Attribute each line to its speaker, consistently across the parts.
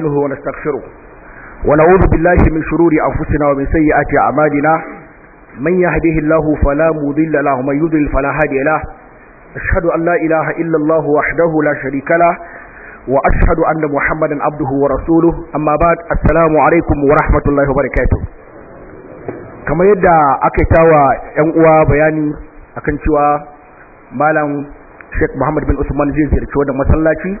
Speaker 1: نستعينه ونستغفره ونعوذ بالله من شرور أنفسنا ومن سيئات أعمالنا من يهده الله فلا مضل له ومن يضلل فلا هادي له أشهد أن لا إله إلا الله وحده لا شريك له وأشهد أن محمدا عبده ورسوله أما بعد السلام عليكم ورحمة الله وبركاته كما يدعى أكتاوى ينقوى بياني أكنتوى مالا شيخ محمد بن عثمان زيزير شوانا مسلاتي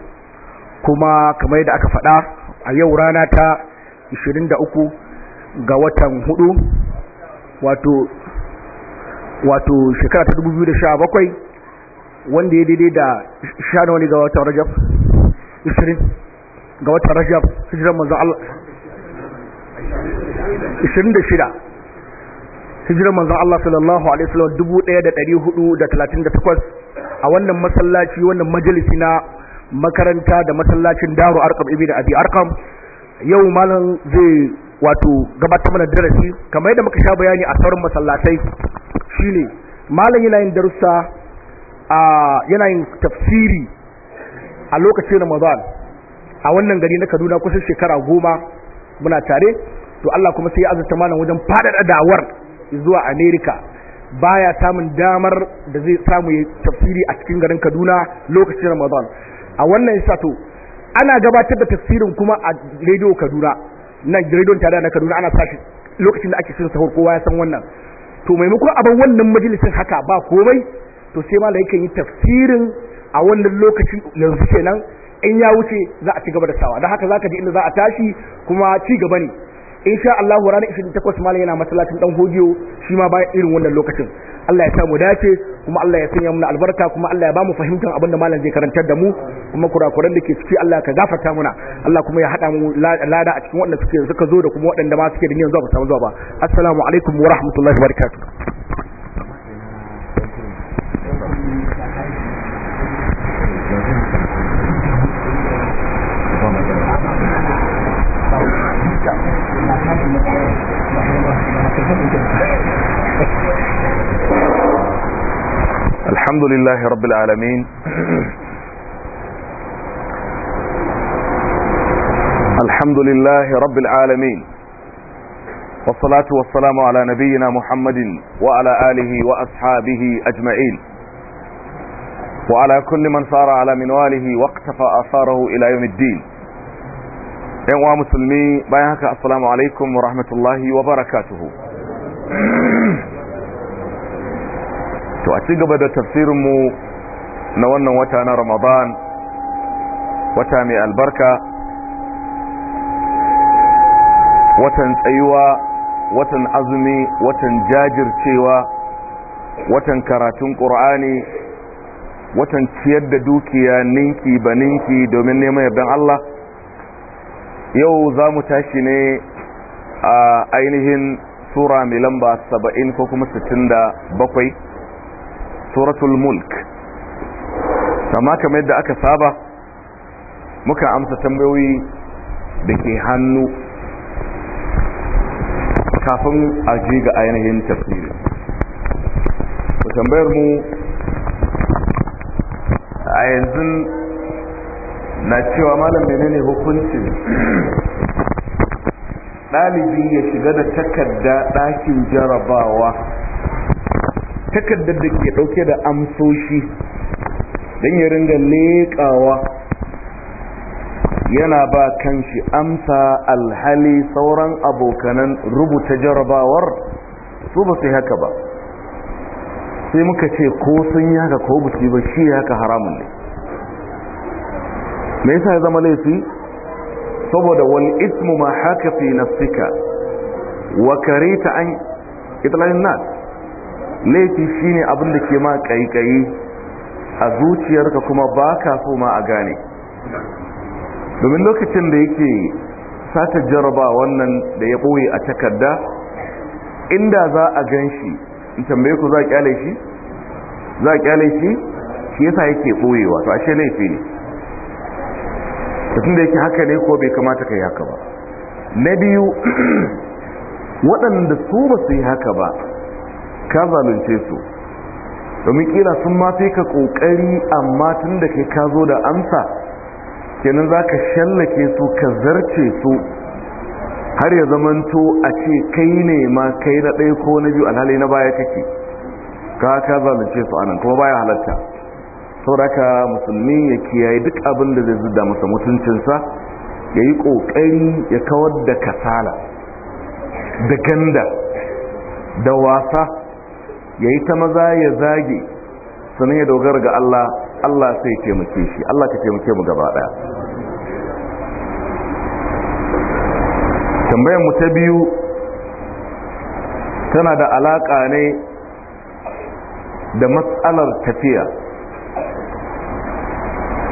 Speaker 1: kuma kamar yadda aka faɗa a yau rana ta 23 ga watan 4 wato wato shekara ta 2017 wanda ya daidai da shana wani ga watan rajab 20 ga watan rajab hijiran manzo Allah 26 hijiran manzan Allah sallallahu alaihi wasallam 1438 a wannan masallaci wannan majalisi na makaranta da masallacin daru arkam ibn abi arkam yau malam zai wato gabatar mana darasi kamar yadda muka sha bayani a sauran masallatai shine malam yana yin darussa a yana yin tafsiri a lokacin ramadan a wannan gari na kaduna kusan shekara goma muna tare to allah kuma sai ya azurta malam wajen faɗaɗa dawar zuwa america baya samun damar da zai samu tafsiri a cikin garin kaduna lokacin ramadan a wannan sato to ana gabatar da tafsirin kuma a rediyo Kaduna nan rediyon tare na Kaduna ana sashi lokacin da ake shirin sahur kowa ya san wannan to maimakon abin wannan majalisin haka ba komai to sai malai kan yi tafsirin a wannan lokaci yanzu kenan in ya wuce za a ci gaba da sawa don haka za ka ji inda za a tashi kuma ci gaba ne in sha Allah ranar 28 malam yana masallacin dan hodiyo shi ma bayan irin wannan lokacin Allah ya samu dace kuma Allah ya sanya muna albarka kuma Allah ya bamu fahimtar abin da malam zai karantar da mu kuma kurakuran da ke ciki Allah ka gafarta muna Allah kuma ya hada mu lada a cikin waɗanda suke suka zo da kuma waɗanda ma suke da niyyar zuwa ba samu zuwa ba assalamu alaikum wa rahmatullahi wa barakatuh
Speaker 2: الحمد لله رب العالمين الحمد لله رب العالمين والصلاة والسلام على نبينا محمد وعلى آله وأصحابه أجمعين وعلى كل من صار على منواله واقتفى آثاره إلى يوم الدين ينوى مسلمي بيانك السلام عليكم ورحمة الله وبركاته to a cigaba da tafsirinmu na wannan wata na ramadan wata mai albarka watan tsayuwa watan azumi watan jajircewa watan karatun ƙur'ani watan ciyar da dukiya ninki ba ninki domin neman yardan Allah yau za mu tashi ne a ainihin sura mai lamba 70 ko kuma 67 suratul mulk amma kamar yadda aka saba muka amsa tambayoyi da ke hannu kafin a ga ainihin tafsiri ku tambayar mu a yanzu na cewa malam menene hukuncin ɗalibi ya shiga da takarda ɗakin jarabawa takardar da ke ɗauke da amsoshi don ya ringa leƙawa yana ba kanshi amsa alhali sauran abokanan rubuta jarabawar su ba su haka ba sai muka ce ko sun yi haka ko busi ba shi haka haramun ne me yasa ya zama laifi saboda wani ismu ma haka fi nafsika wa ta an itla'in nas laifi shine abin da ke ma kaikayi a zuciyarka kuma ba ka so ma a gane domin lokacin da yake sata jaraba wannan da ya ɓoye a takarda inda za a gan shi in tambaye ku za a kyale shi za a kyale shi shi yasa yake ɓoyewa to ashe laifi ne tun da yake haka ne ko bai kamata ka yi haka ba na biyu waɗanda su ba su yi haka ba ka zalunce su domin kila sun ma fi ka kokari amma tun da kai ka zo da amsa kenan za ka shallake su ka zarce su har ya zamanto a ce kai ne ma kai na ɗaya ko na biyu alhali na baya kake ka ka zalunce su anan kuma baya halatta sauraka musulmi ya kiyaye duk abin da zai zuda masa mutuncinsa ya yi ƙoƙari ya kawar da kasala da ganda da wasa ya yi ta maza ya zage sannan ya dogara ga Allah Allah sai taimake shi Allah ka taimake mu gaba daya tambayar mu ta biyu tana da alaƙa ne da matsalar tafiya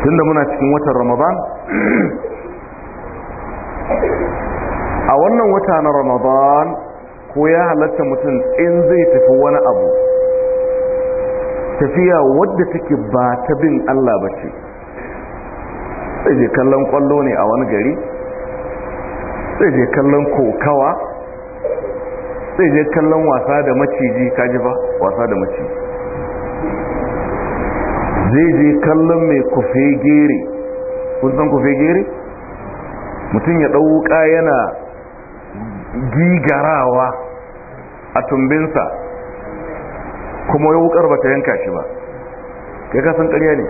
Speaker 2: tunda muna cikin watan ramadan a wannan wata na ramadan ko ya halatta mutum in zai tafi wani abu tafiya wadda take ba ta bin Allah ba ce zai je kallon kwallo ne a wani gari zai je kallon kokawa zai je kallon wasa da maciji kaji ba wasa da maciji zai je kallon mai kufe gere kusan kufe gere mutum ya ɗauka yana gigarawa a tumbinsa kuma ya wukar ba ta yanka shi ba kai kasan karya ne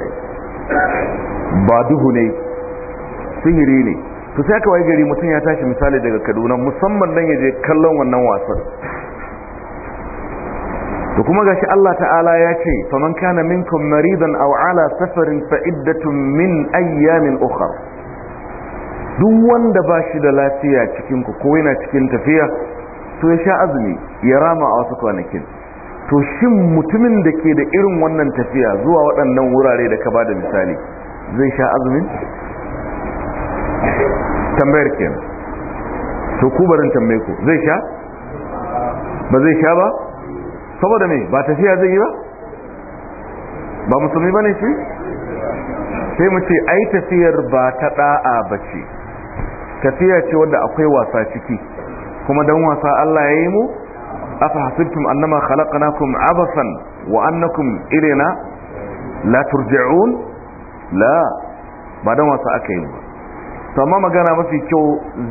Speaker 2: ba duhu ne sihiri ne to sai aka waye gari mutum ya tashi misali daga kaduna musamman dan ya je kallon wannan wasan to kuma gashi Allah ta'ala ya ce faman kana minkum maridan aw ala safarin fa iddatun min ayyamin ukhra duk wanda bashi da lafiya cikin ku ko yana cikin tafiya to ya sha azumi ya rama a wasu kwanakin to shin mutumin da ke da irin wannan tafiya zuwa waɗannan wurare da ka ba da misali zai sha azumin tambayar ke to ku barin tambaye ku zai sha ba zai sha ba saboda me ba tafiya zai yi ba ba musulmi ba ne shi sai mu ce ai tafiyar ba ta ɗa'a ba ce tafiya ce wadda akwai wasa ciki kuma dan wasa Allah ya yi mu afa hasibtum annama khalaqnakum abasan wa annakum ilayna la turji'un la ba dan wasa aka yi ba to amma magana mafi kyau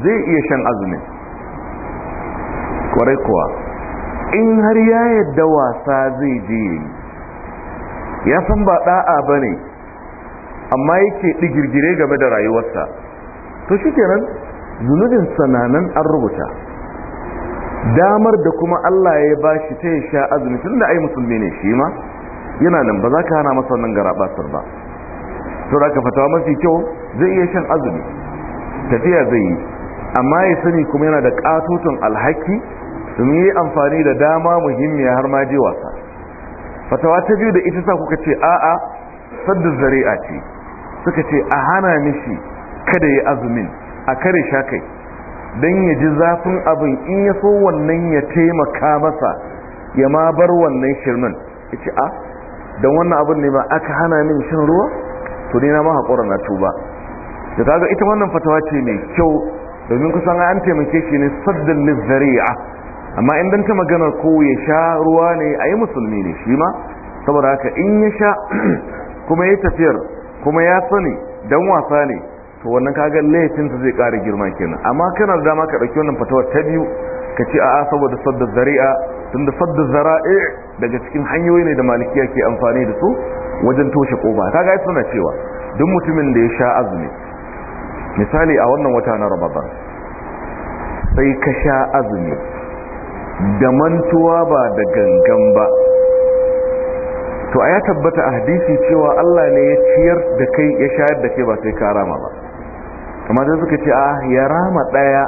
Speaker 2: zai iya shan azumi kwarai kuwa in har ya yadda wasa zai je ya san ba da'a bane amma yake digirgire game da rayuwarsa to shi kenan zunubin sananan an rubuta damar da kuma Allah ya bashi ta ya sha azumi tun da ai musulmi ne shi ma yana nan ba za ka hana masa wannan garabatar ba to da ka fatawa mafi kyau zai iya shan azumi tafiya zai yi amma ya sani kuma yana da katutun alhaki domin yi amfani da dama muhimmiya har ma je wasa fatawa ta biyu da ita sa kuka ce a'a sadda zari'a ce suka ce a hana mishi kada ya azumin a kare sha kai don ya ji zafin abin in ya so wannan ya taimaka masa ya ma bar wannan shirmin ya ce a ah, don wannan abin ne ba aka hana min shan ruwa to ne na ma haƙura na tuba da kaga ita wannan fatawa ce mai kyau domin kusan an taimake shi ne saddan lizzari'a amma in dan ta maganar ko ya sha ruwa ne a yi musulmi ne shi ma saboda haka in ya sha kuma ya tafiyar kuma ya sani dan wasa ne to wannan kaga su zai ƙara girma kenan amma kana da dama ka ɗauki wannan fatawa ta biyu ka ce a'a saboda sadda zari'a tunda sadda zara'i daga cikin hanyoyi ne da malikiya ke amfani da su wajen toshe ƙoba kaga ai suna cewa duk mutumin da ya sha azumi misali a wannan wata na ramadan sai ka sha azumi da mantuwa ba da gangan ba to a ya tabbata a hadisi cewa Allah ne ya ciyar da kai ya shayar da kai ba sai ka rama ba amma da suka ce a ah, ya rama ɗaya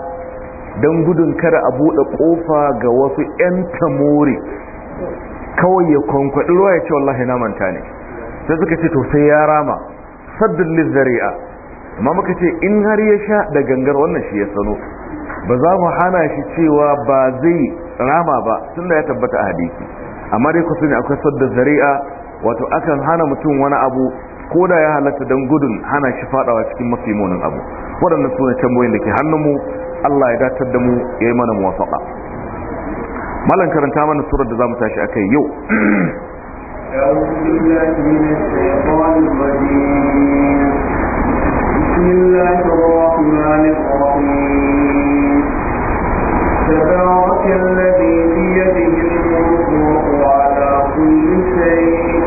Speaker 2: don gudun kada a buɗe ƙofa ga wasu 'yan tamori kawai ya kwankwaɗi ruwa ya ce wallahi na manta ne sai suka ce to sai ya rama saddin lizzari'a amma muka ce in har ya sha da gangar wannan shi ya sano ba za mu hana shi cewa ba zai rama ba Tun da ya tabbata a hadisi amma dai ku ne akwai saddin zari'a wato akan hana mutum wani abu ko da ya halatta don gudun hana shi fadawa cikin mafi abu waɗannan su ne tambayoyin da ke hannunmu Allah ya datar da mu ya yi mana muwafaqa malam karanta mana surar da zamu tashi a kai yau
Speaker 3: تبارك الذي بيده الملك وهو على كل شيء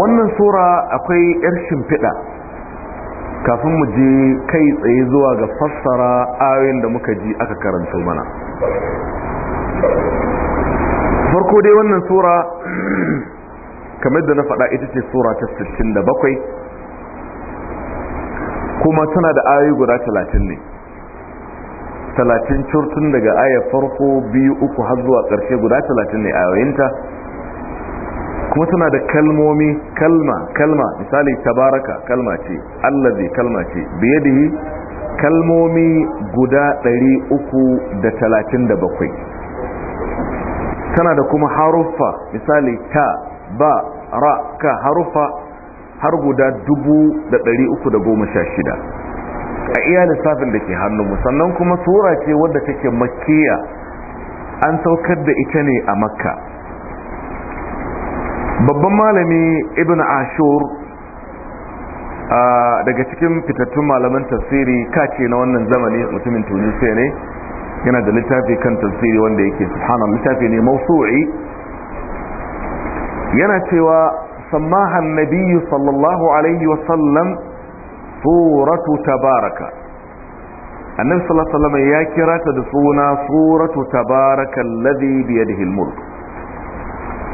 Speaker 2: wannan sura akwai yar shimfiɗa kafin mu je kai tsaye zuwa ga fassara ayoyin da muka ji aka karanta mana farko dai wannan sura kamar da na faɗa ita ce sura ta 67 kuma tana da ayoyi guda 30 ne 30 curtun daga ayar farko biyu uku har zuwa ƙarshe guda 30 ne ayoyinta kuma tana da kalmomi kalma kalma misali tabaraka kalma ce allazi kalma ce biye yi kalmomi guda 337 tana da kuma haruffa misali ta ba ra ka haruffa har guda 316 a iya lissafin da ke hannunmu sannan kuma tsora ce wadda take makiya an saukar da ita ne a makka babban malami ibn ashur daga cikin fitattun malaman tafsiri kace na wannan zamani mutumin tunisiya ne yana da littafi kan tafsiri wanda yake subhanan littafi ne mausu'i yana cewa sammahan nabiyyu sallallahu alaihi wa sallam suratu tabaraka annabi sallallahu alaihi wa sallam ya kira ta da suna suratu tabaraka alladhi bi yadihi al-mulk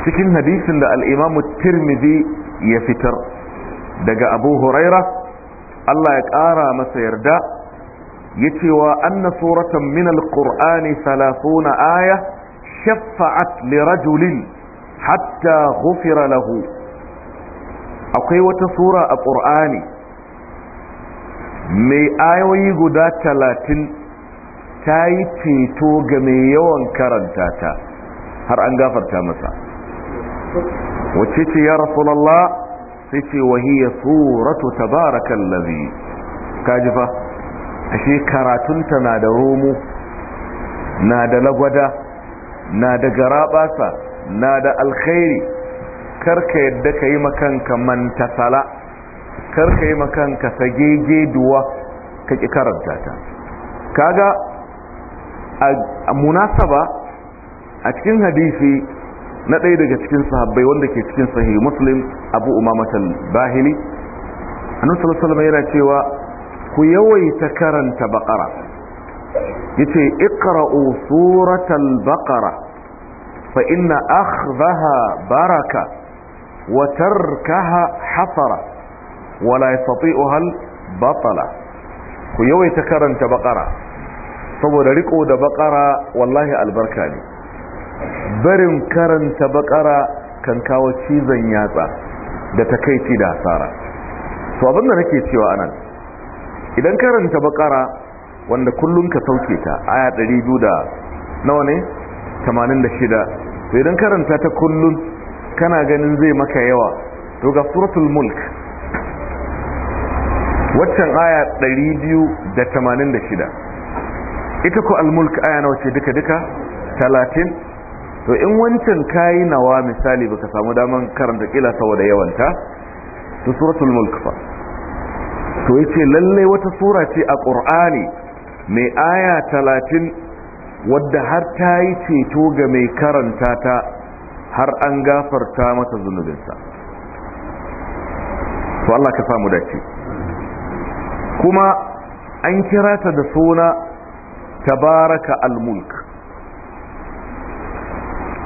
Speaker 2: cikin hadisin da al'imamu tirmidhi ya fitar daga abu huraira Allah ya ƙara masa yarda ya cewa anna suratan min alƙur'ani salasuna aya shaffa'at li rajulin hatta ghufira lahu akwai wata sura a ƙur'ani mai ayoyi guda talatin ta yi ceto ga mai yawan karanta ta har an gafarta masa wacce ce ya rasulallah sai ce wahiyar suratu tabarakan lazi kaji fa ashe karatunta na da romo na da lagwada na da garaɓasa na da alkhairi karka yadda ka yi makanka mantasala karka yi makanka sagege duwa ka ƙi karanta ta kaga a munasaba a cikin hadisi na ɗaya daga cikin sahabbai wanda ke cikin sahihi muslim abu umamatal bahili annabi sallallahu alaihi yana cewa ku yawaita karanta baqara yace iqra'u suratal baqara fa inna akhdaha baraka wa tarkaha hasara wa la yastati'uha batala ku yawaita karanta baqara saboda riko da baqara wallahi albarka ne barin karanta bakara kan kawo cizon yatsa da takaici da hasara to abinda nake cewa anan idan karanta bakara wanda kullum ka sauke ta aya 200 da nawa ne 86 to idan karanta ta kullum kana ganin zai maka yawa to ga suratul mulk waccan aya 286 ita ku al-mulk aya nawa ce duka duka to in wancan kayi nawa misali baka samu daman karanta kila saboda yawanta to suratul mulk fa to yace lalle wata sura ce a qur'ani mai aya 30 wadda har ta yi ceto ga mai karanta ta har an gafarta masa zunubinsa to Allah ka samu dace kuma an kira ta da suna tabaraka al-mulk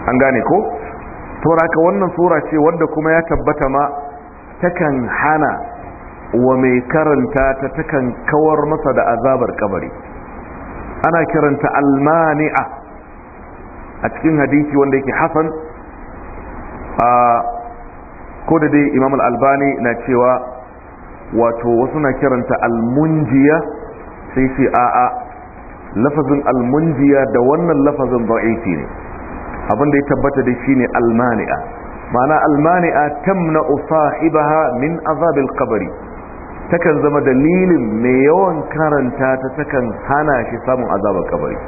Speaker 2: an gane ko tauraka wannan sura ce wadda kuma ya tabbata ma takan hana wa mai karanta ta takan kawar masa da azabar kabari ana kiranta almani'a a cikin hadisi wanda yake hasan a ko da dai imam al-albani na cewa wato wasu na kiranta almunjiya sai sai a'a lafazin almunjiya da wannan lafazin da'ifi ne abin da ya tabbata da shine almani'a ma'ana almani'a tamna usahibaha min azabil qabri takan zama dalilin mai yawan karanta ta takan hana shi samun azabar kabari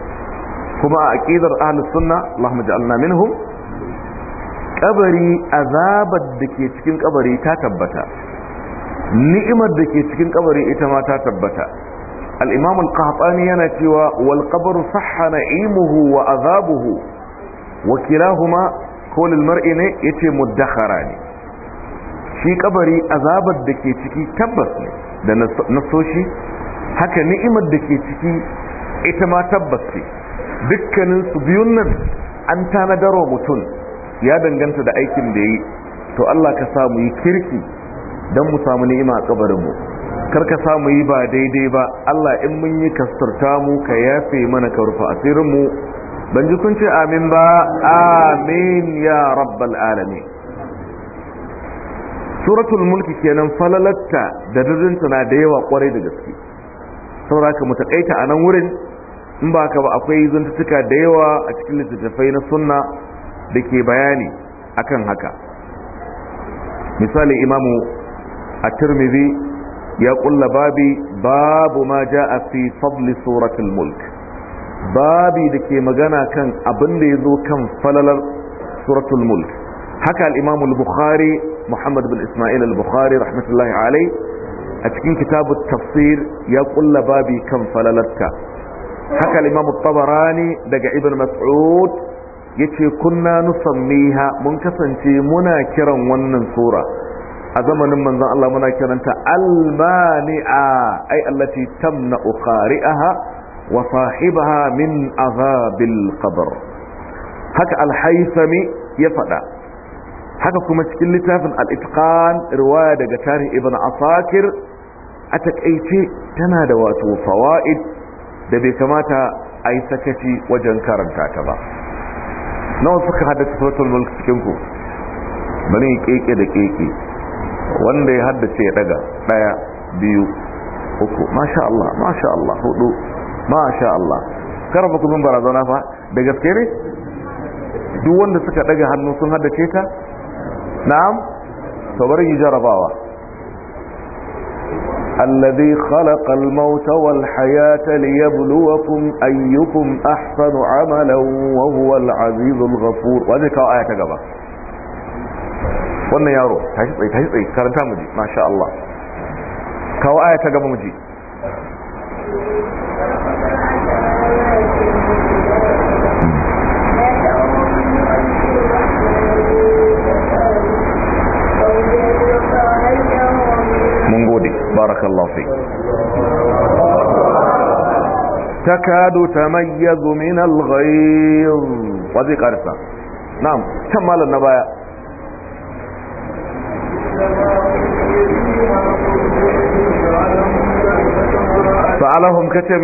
Speaker 2: kuma a aqidar ahlus sunna Allahumma ja'alna minhum kabari azabar da ke cikin kabari ta tabbata ni'imar da ke cikin kabari ita ma ta tabbata al-imam al-qahtani yana cewa wal qabru sahha na'imuhu wa azabuhu wakilahuma kolin mar'i ne ya ce muddakhara ne shi kabari azabar da ke ciki tabbas ne da nasoshi haka ni'imar da ke ciki ita ma tabbas ce dukkanin su biyun nan an tanadarwa mutum ya danganta da aikin da yi to Allah ka samu yi kirki don mu samu ni'ima a mu. kar ka samu yi ba daidai ba Allah in mun yi kasturta mu ka yafe mana ka rufa asirinmu ban ji kun ce amin ba amin ya rabbal alamin suratul mulki kenan falalatta da dadinta na da yawa kwarai da gaske saboda haka mu takaita a nan wurin in ba ka ba akwai zantutuka da yawa a cikin littattafai na sunna da ke bayani akan haka misali imamu a tirmidhi ya kulla babi babu ma ja'a fi fadli suratul mulk babi da ke magana kan abin da ya zo kan falalar suratul mulk haka al-imam al-bukhari muhammad bin isma'il al-bukhari rahmatullahi alai a cikin kitabu tafsir ya kulla babi kan falalarta haka al-imam tabarani daga ibn mas'ud yace kunna nusammiha mun kasance muna kiran wannan sura a zamanin manzon Allah muna kiranta al-mani'a ay allati tamna qari'aha wa sahibaha azabil qabr haka Alhaisami ya faɗa, haka kuma cikin littafin al-itqan riwaya daga tarihi ibn asakir Atakaice tana da wato fawaid da bai kamata a yi sakaci wajen karanta ta ba nawa suka haddace suratul mulk cikin ku bari keke da keke wanda ya haddace ya daga daya biyu uku masha Allah masha Allah hudu masha Allah kar ba barazana fa da gaske ne duk wanda suka daga hannu sun hada ta na'am to bari yi jarabawa alladhi khalaqa al-mauta wal hayata liyabluwakum ayyukum ahsanu amalan wa huwa al-azizul ghafur wani kawo aya ta gaba wannan yaro tashi tsaye tashi tsaye karanta mu ji masha Allah kawo aya ta gaba muji. mun gode barakallahu fi takadu tamayyazu min al-ghayz wa zai na'am na baya sa'alahum kace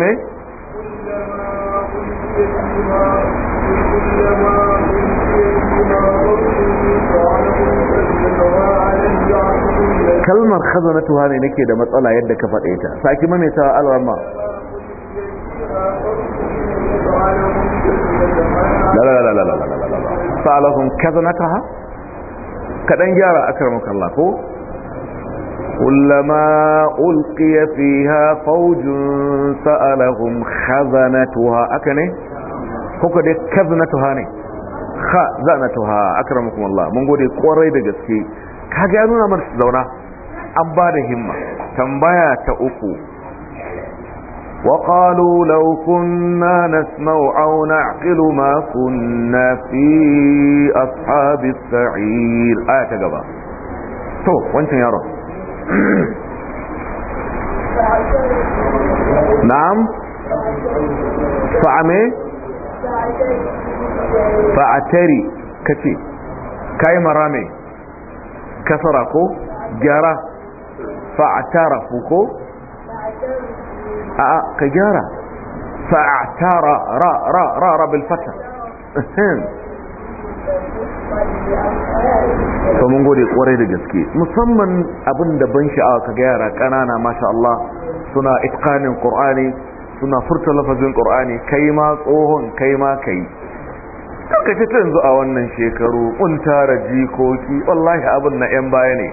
Speaker 2: kalmar khazanatuha ne nake da matsala yadda ka faɗe ta saki alwama gyara كلما ألقي فيها فوج سألهم خزنتها أكني kuka dai kaznatuha ne kha zanatuha akramakum Allah mun gode kwarai da gaske kaga ya nuna mana zauna an ba da himma tambaya ta uku wa qalu law kunna nasma'u aw ma kunna fi aya ta gaba to wancan yaron نعم فعمي فعتري كتي كاي مرامي كسركو جارة فاعترفوكو اه, آه، كجارة فاعترى را را را, را بالفتح to mun gode kwarai da gaske musamman abin da ban sha'awa ka ga yara ƙanana masha Allah suna itqanin qur'ani suna furta lafazin qur'ani kai ma tsohon kai ma kai kaka ce yanzu a wannan shekaru kun tara jikoki wallahi abin na yan baya ne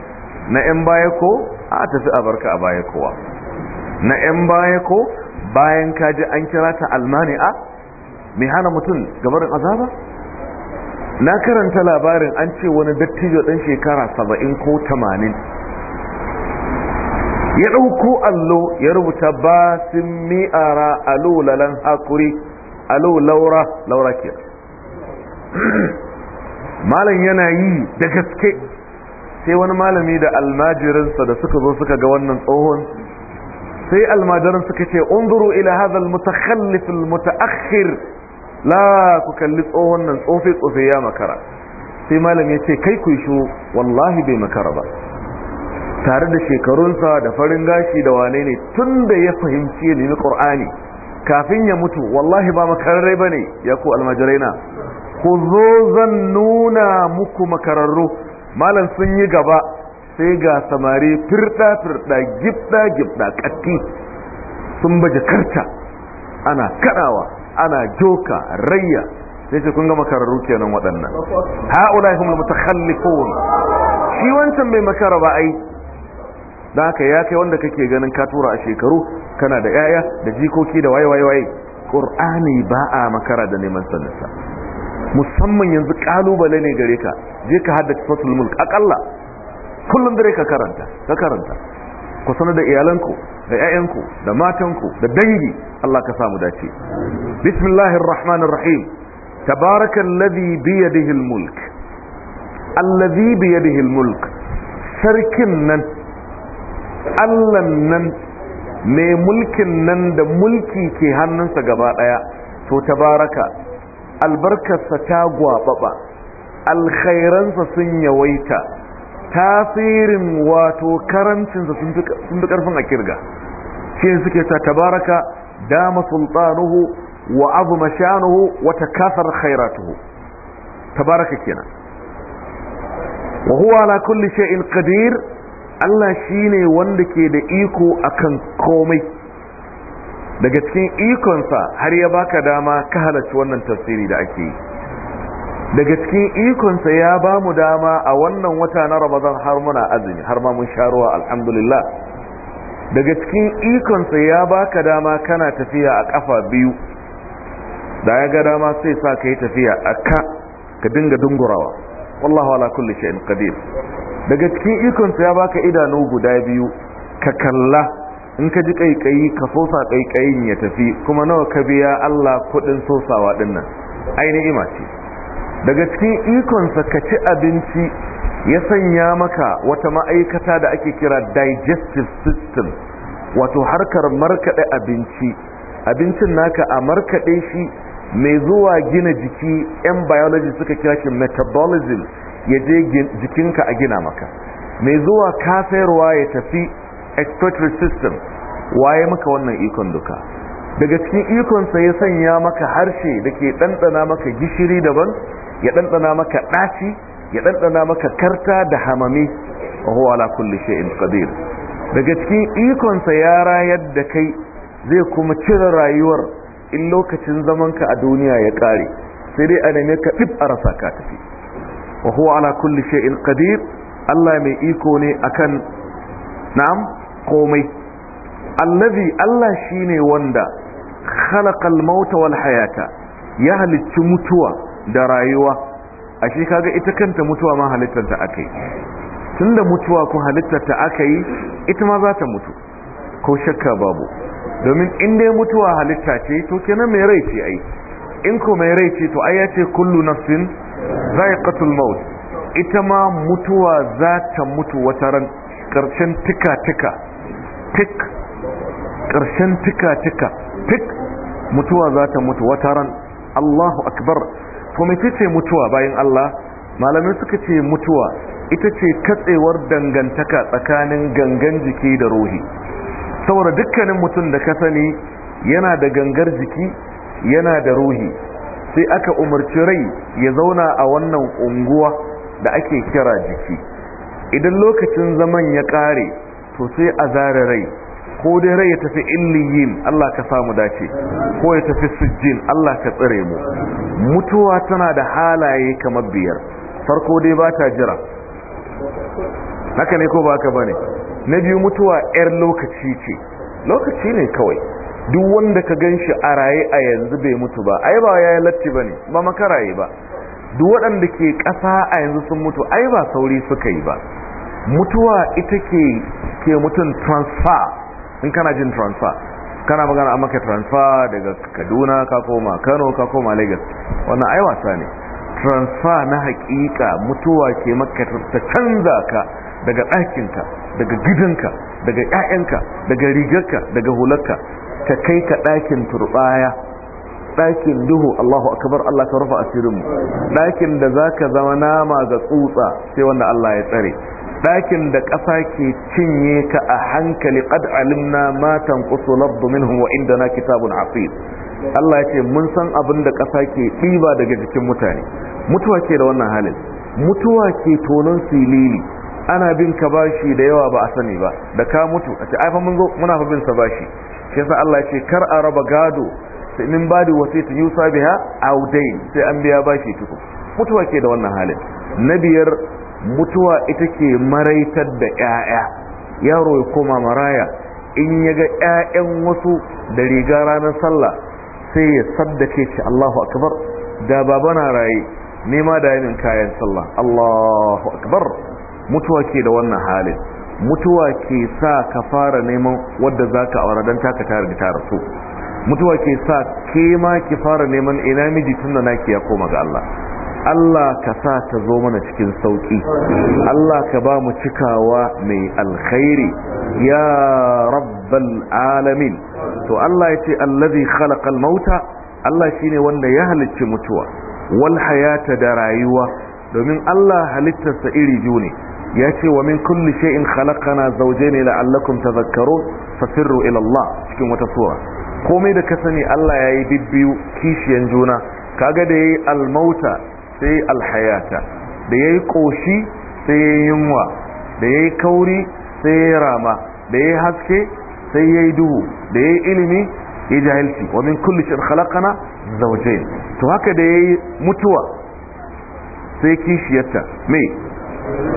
Speaker 2: na yan baya ko a tafi a barka a baya kowa na yan baya ko bayan ka ji an kira ta almani'a mai hana mutum gabarin azaba na karanta labarin an ce wani dattijo ɗan shekara saba'in ko tamanin ya ɗauko allo ya rubuta basin mi'ara alolalan hakuri alo laura laura ke malam yana yi da gaske sai wani malami da almajirinsa da suka zo suka ga wannan tsohon sai almajirin suka ce unzuru ila hadha almutakhallif almutaakhir la ku kalli tsohon nan tsofe tsofe ya makara sai malam ya ce kai ku shu wallahi bai makara ba tare da shekarunsa da farin gashi da wane ne tun da ya fahimci ya nemi ƙur'ani kafin ya mutu wallahi ba makararrai ba ne ya ku na.
Speaker 3: ku zo zan nuna muku
Speaker 2: makararru malam sun yi gaba sai ga samari firɗa firɗa gifta gibɗa ƙatti sun baje karta ana kaɗawa ana joka rayya sai ce kun ga makararru kenan waɗannan ha'ula hum mutakhallifun shi wancan mai makara ba ai da haka ya kai wanda kake ganin ka tura a shekaru kana da yaya da jikoki da waye waye waye qur'ani ba a makara da neman sanarsa musamman yanzu kalubale ne gare ka je ka haddace fasul mulk akalla kullum dare ka karanta ka karanta ku sanar da iyalanku da 'ya'yanku da matanku da dangi Allah ka samu dace bismillahir rahmanir rahim tabarakallazi biyadihi almulk allazi biyadihi almulk sarkin nan Allah nan me mulkin nan da mulki ke hannunsa gaba daya to tabaraka albarkarsa ta gwababa alkhairansa sun yawaita tasirin wato karancinsa sun fi karfin a kirga shi suke ta tabaraka dama sultanuhu wa abu mashanuhu wata kasar khairatuhu tabaraka kenan wa huwa ala kulli shay'in qadir Allah shine wanda ke da iko akan komai daga cikin ikonsa har ya baka dama ka halarci wannan tafsiri da ake yi daga cikin ikonsa ya ba mu dama a wannan wata na ramadan har muna azumi har ma mun sharuwa alhamdulillah daga cikin ikonsa ya baka dama kana tafiya a kafa biyu da ya ga dama sai sa ka yi tafiya a ka ka dinga dungurawa wallahu ala kulli shay'in qadir daga cikin ikonsa ya baka idanu guda biyu ka kalla in ka ji kaikayi ka sosa kaikayin ya tafi kuma nawa ka biya Allah kudin sosawa dinnan ai ni'ima ce daga cikin ikonsa ka ci abinci ya sanya maka wata ma'aikata da ake kira digestive system wato harkar markaɗe abinci abincin naka a markaɗe shi mai zuwa gina jiki 'yan biology suka kira shi metabolism ya je jikinka a gina maka mai zuwa kafayarwa ya tafi expiratory system waye maka wannan ikon duka daga cikin ikonsa ya sanya maka harshe da ke ɗanɗana maka gishiri daban ya ɗanɗana maka ɗaci ya ɗanɗana maka karta da hamami wa huwa ala kulli shay'in daga cikin ikonsa ya rayar da kai zai kuma cire rayuwar in lokacin zamanka a duniya ya ƙare sai dai a neme ka dib a rasa ka tafi wa huwa ala kulli Allah mai iko ne akan na'am komai allazi Allah shine wanda khalaqa al-mauta wal hayata ya halicci mutuwa da rayuwa a shi kaga ita kanta mutuwa ma halittarta aka yi tun da mutuwa ko halittarta aka yi ita ma za ta mutu ko shakka babu domin inda dai mutuwa halitta ce to kenan mai rai ce ai in ko mai rai ce to ai ya ce kullu nafsin za'iqatul maut ita ma mutuwa za ta mutu wata ran karshen tika tika tik karshen tika tika tik mutuwa za ta mutu wata ran Allahu akbar to mece ce mutuwa bayan Allah malamai suka ce mutuwa ita ce katsewar dangantaka tsakanin gangan jiki da ruhi saboda dukkanin mutum da ka sani yana da gangar jiki yana da ruhi sai aka umarci rai ya zauna a wannan unguwa da ake kira jiki idan lokacin zaman ya kare to sai a zare rai ko dai rai ya tafi illiyin Allah ka samu dace ko ya tafi sujjin Allah ka tsare mu mutuwa tana da halaye kamar biyar farko dai ba ta jira haka ne ko ba ka bane na biyu mutuwa yar lokaci ce lokaci ne kawai duk wanda ka ganshi a raye a yanzu bai mutu ba ai ba ya latti bane ba makaraye ba duk waɗanda ke ƙasa a yanzu sun mutu ai ba sauri suka yi ba mutuwa ita ke ke mutum transfer in kana jin transfer kana magana a maka transfer daga kaduna ka koma kano ka koma lagos wannan ai wasa ne transfer na hakika mutuwa ke maka ta canza ka daga ɗakinka daga gidanka daga ƴaƴanka daga rigarka daga hularka ta kai ka ɗakin turbaya ɗakin duhu Allahu akbar Allah ka rufa asirinmu ɗakin da zaka zama nama ga tsutsa sai wanda Allah ya tsare Dakin da ƙasa ke cinye ka a hankali qad alimna ma tanqusu labdu minhum wa indana kitabun hafiz Allah ya ce mun san abin da ƙasa ke ɗiba daga jikin mutane mutuwa ke da wannan halin mutuwa ke tonon silili ana bin ka bashi da yawa ba a sani ba da ka mutu a ce mun zo muna fa bin sa bashi shi yasa Allah ya ce kar a raba gado sai min badi ta yusa biha audain sai an biya bashi tuku mutuwa ke da wannan halin na biyar mutuwa ita ke maraitar da 'ya'ya yaro ya koma maraya in ya ga 'ya'yan wasu da riga ranar sallah sai ya saddake shi Allahu akbar da baba na raye nema da yanin kayan sallah Allahu akbar mutuwa ke da wannan halin mutuwa ke sa ka fara neman wadda za ka aure don taka tare da tare su, mutuwa ke sa ke ma ki fara neman ina miji tun da naki ya koma ga Allah Allah ka sa ta zo mana cikin sauƙi. Allah ka ba mu cikawa mai alkhairi ya rabbal alamin to Allah ya ce allazi khalaqal mauta Allah shine wanda ya halicci mutuwa wal hayata da rayuwa domin Allah halittarsa iri biyu ne ya ce wa min kulli shay'in khalaqana ne, la'allakum tadhakkarun fasirru ila Allah cikin wata sura komai da ka sani Allah yayi bibbiyu kishiyan juna kaga da yayi mauta sai alhayata da ya yi ƙoshi sai ya yunwa da ya yi kauri sai ya rama da ya haske sai ya yi duhu da ya yi ilimi ya jahilci wa min kulli shin khalaqana zawjayn to haka da yayi mutuwa sai kishiyarta me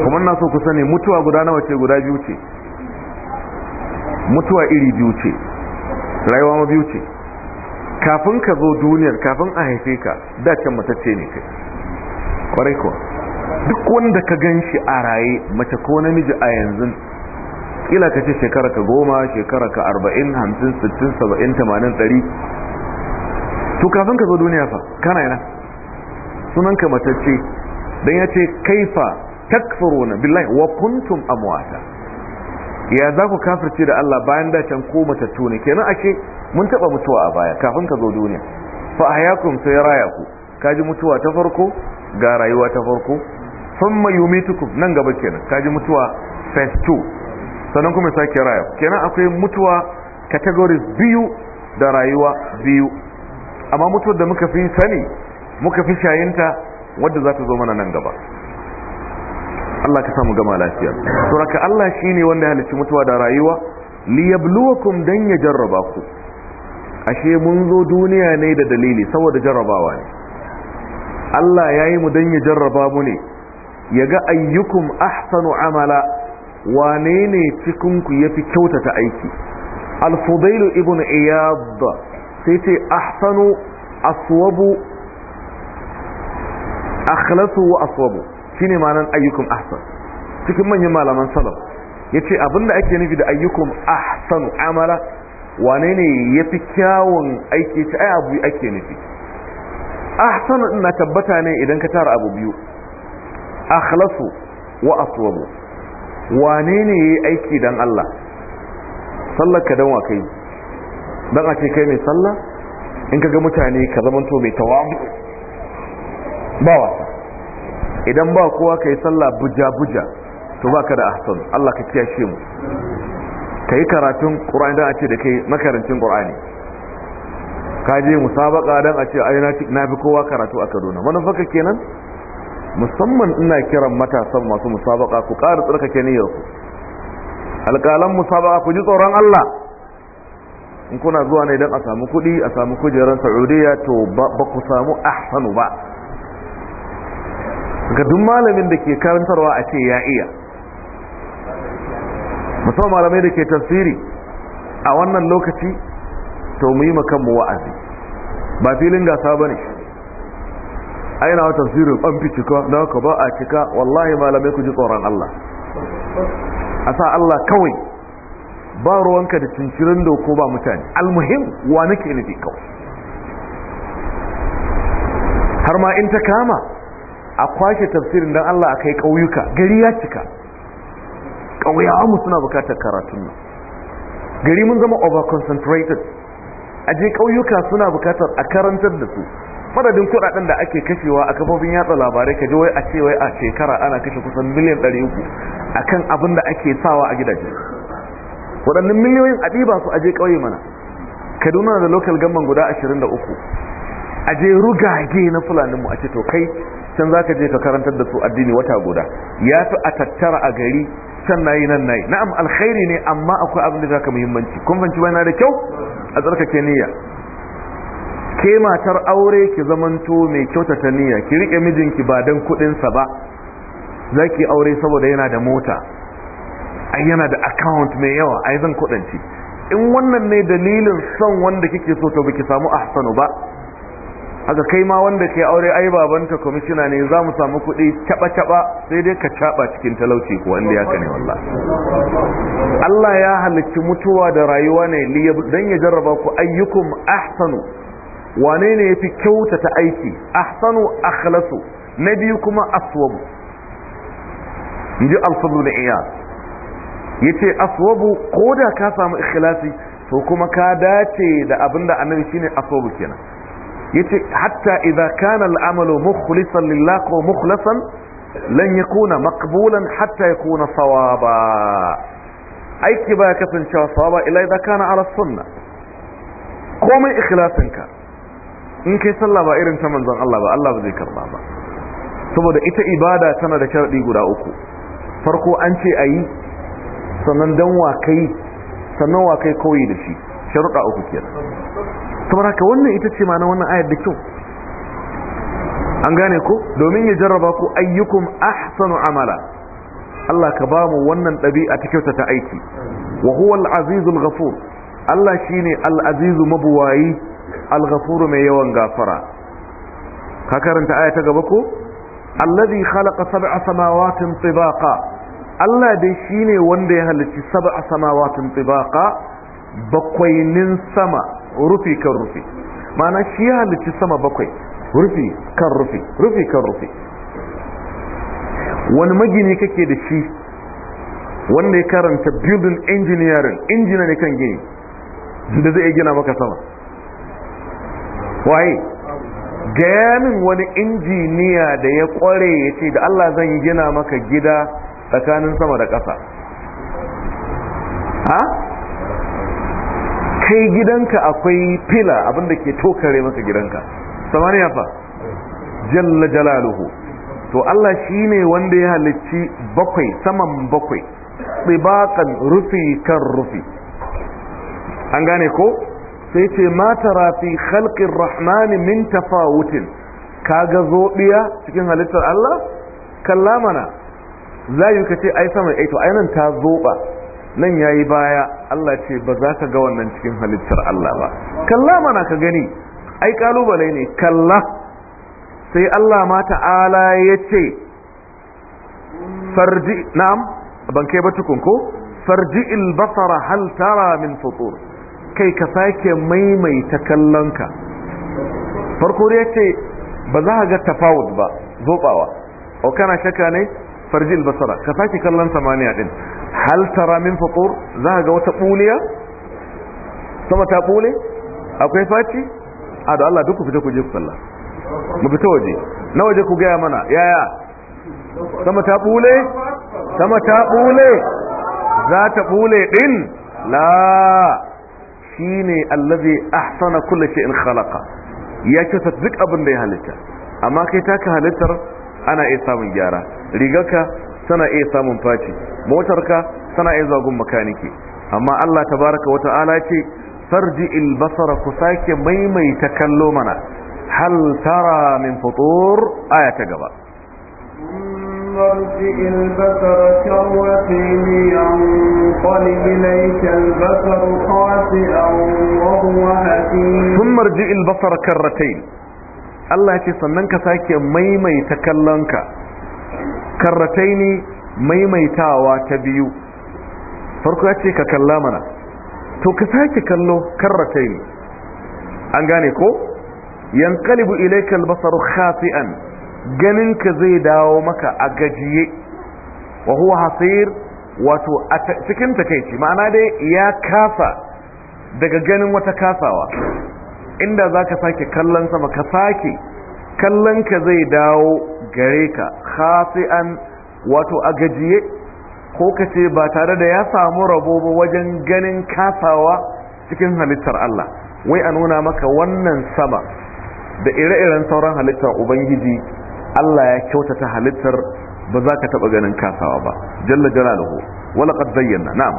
Speaker 2: kuma na so ku sani mutuwa guda nawa ce guda biyu ce mutuwa iri biyu ce rayuwa ma biyu ce kafin ka zo duniyar kafin a haife ka da can mutacce ne kai kwarai kuwa duk wanda ka gan shi a raye mace ko namiji a yanzu kila ka ce shekara ka goma shekara ka arba'in hamsin sittin saba'in tamanin ɗari to kafin ka zo duniya fa kana yana sunanka matacce don ya ce kaifa na billahi wa kuntum amwata ya za ku kafirce da Allah bayan dacen ko matattu ne kenan ake mun taɓa mutuwa a baya kafin ka zo duniya fa ahyakum sai raya ku kaji mutuwa ta farko ga rayuwa ta farko thumma yumitukum nan gaba kenan kaji mutuwa phase 2 sannan kuma sake raya kenan akwai mutuwa categories biyu da rayuwa biyu amma mutuwar da muka fi sani muka fi shayinta wadda za ta zo mana nan gaba Allah ka samu gama lafiya to raka Allah shine wanda ya halicci mutuwa da rayuwa liyabluwakum dan ya jarraba ku ashe mun zo duniya ne da dalili saboda jarrabawa ne Allah ya yi mu don ya jarraba mu ne ya ga ayyukum ahsanu amala wane ne cikinku ya fi kyautata aiki alfudailu ibn iyad sai ce ahsanu aswabu akhlasu wa aswabu shine ma'anar ayyukum ahsan cikin manyan malaman salaf yace abinda ake nufi da ayyukum ahsanu amala wane ne ya fi kyawun aiki ta ai abu ake nufi ahsanu din na tabbata ne idan ka tara abu biyu akhlasu wa aswabu wane ne yayi aiki dan Allah sallar ka dan wa kai dan a ce kai mai sallah in kaga mutane ka zamanto mai tawabu ba wa idan ba kowa kai sallah buja buja to baka da ahsan Allah ka kiyashe mu kai karatun Qur'ani dan a ce da kai makarantin Qur'ani ka je musabaka dan a ce ai na fi kowa karatu a Kaduna manufaka kenan musamman ina kiran matasan masu musabaka ku ƙara tsarkake ku. alƙalan musabaka ku ji tsoron Allah in kuna zuwa ne don a samu kuɗi a samu kujerar saudiya to ba ku samu ahsanu ba ga duk malamin da ke karantarwa a ce ya iya musamman malamai da ke tafsiri a wannan lokaci to mu yi kanmu wa'azi ba filin gasa bane ne aina wa tafsirin an fi cika na ka ba a cika wallahi malamai ku ji tsoron Allah a sa Allah kawai ba ruwanka da cincirin da ko ba mutane almuhim wa nake nufi kawai har ma in ta kama a kwashe tafsirin don Allah a kai ƙauyuka gari ya cika ƙauyawa mu suna bukatar karatun gari mun zama over concentrated Aje kauyuka suna bukatar a karantar da su madadin kudaden da ake kashewa a kafofin yatsa labarai ka wai a ce a shekara ana kashe kusan miliyan 300 akan abin da ake sawa a gidaje waɗannan miliyoyin a ɗiba su aje kauye mana kaduna da local gamban guda 23 aje Aje rugage na fulanin mu a ce to kai can zaka je ka karantar da su addini wata guda ya fi a tattara a gari can nayi nan nayi na'am alkhairi ne amma akwai abin da za ka muhimmanci kun fanci bayana da kyau a tsarkake niyya ke matar aure ki zamanto mai kyautata niyya ki rike mijinki ba dan kudin sa ba ki aure saboda yana da mota ai yana da account mai yawa ai zan kudanci in wannan ne dalilin son wanda kike so to biki samu ahsanu ba haka kai ma wanda ke aure ai babanta kwamishina ne za mu samu kuɗi caba-caba sai dai ka caba cikin talauci ko wanda ya kane wallah Allah ya halicci mutuwa da rayuwa ne don ya jarraba ku ayyukum ahsanu wane ne ya fi ta aiki ahsanu akhlasu na biyu kuma aswabu in ji alfadu da iya ya ce aswabu ko da ka samu ikhlasi to kuma ka dace da abinda annabi shine aswabu kenan yace hatta idza kana al'amalu mukhlishan lillahi wa mukhlasan lan yakuna maqbulan hatta yakuna sawaba aiki baya kasancewa sawaba illa idza kana ala sunna komai ikhlasinka in kai sallah ba irin ta manzon Allah ba Allah ba zai karba ba saboda ita ibada tana da sharadi guda uku farko an ce ayi sannan dan wa kai sannan wa kai koyi da shi sharuɗa uku kenan saboda haka wannan ita ce ma'ana wannan ayar da kyau an gane ko domin ya jarraba ku ayyukum ahsanu amala Allah ka ba mu wannan ɗabi'a ta kyauta ta aiki wa huwa al-azizul ghafur Allah shine al-azizu mabuwayi al-ghafur mai yawan gafara ka karanta aya ta gaba ko alladhi khalaqa sab'a samawatin tibaqa Allah dai shine wanda ya halicci sab'a samawatin tibaqa bakwainin sama rufi kan rufi ma'ana shi ya halicci sama bakwai rufi kan rufi rufi kan rufi wani magini kake da shi wanda ya karanta building engineering injina ne kan gini da zai gina maka sama waye gaya wani injiniya da ya kware ya ce da Allah zan gina maka gida tsakanin sama da ƙasa ha kai gidanka akwai fila abinda ke tokare maka gidanka samaniya fa jalla jalaluhu to Allah shi ne wanda ya halicci bakwai saman bakwai tsibaqan rufi kan rufi an gane ko sai ce mata rafi fi khalqir rahmani min tafawutin kaga zobiya cikin halittar Allah kalla mana zai kace ai sama ai eh to ai nan ta zoɓa. nan yayi baya Allah ce ba za ka ga wannan cikin halittar Allah ba kalla mana ka gani ai kalubale ne kalla sai Allah ma ta'ala ya ce farji na'am ban kai ba tukun ko farji al-basara hal tara min futur kai ka sake maimaita kallonka farko ya ce ba za ka ga tafawud ba zobawa o kana shakka ne farji al-basara ka sake kallon samaniya din hal tara min fatur za ga wata buliya sama ta kule, akwai faci a da Allah duk fita ku je ku kalla mu fita waje na waje ku gaya mana yaya sama ta bule
Speaker 3: sama ta kule,
Speaker 2: za ta din la shine allazi ahsana kulli shay'in khalaqa ya kisa duk abin da ya halitta amma kai taka halittar ana iya samun gyara rigarka tana iya samun faci motarka tana iya zagun makaniki amma Allah tabaraka wata'ala ce sarji basara ku sake maimaita kallo mana hal tara min futur aya ta gaba basara
Speaker 3: مرجع البصر كرتين ينقلب إليك البصر خاسئا وهو حكيم
Speaker 2: ثم ارجع البصر كرتين Allah ya ce sannan ka sake maimaita kallonka karrataini maimaitawa ta biyu farko ya ce ka kalla mana to ka sake kallo karrataini an gane ko yankalibu ilayka albasaru ganin ganinka zai dawo maka a gajiye wa huwa hasir wato a cikin takeici ma'ana dai ya kafa daga ganin wata kasawa inda zaka sake kallon sama ka sake kallon ka zai dawo gare ka khasi'an wato agajiye ko ka ce ba tare da ya samu rabo ba wajen ganin kasawa cikin halittar Allah wai a nuna maka wannan sama da ire-iren sauran halittar ubangiji Allah ya kyautata halittar ba za ka taɓa ganin kasawa ba jalla jalaluhu wala qad zayyana na'am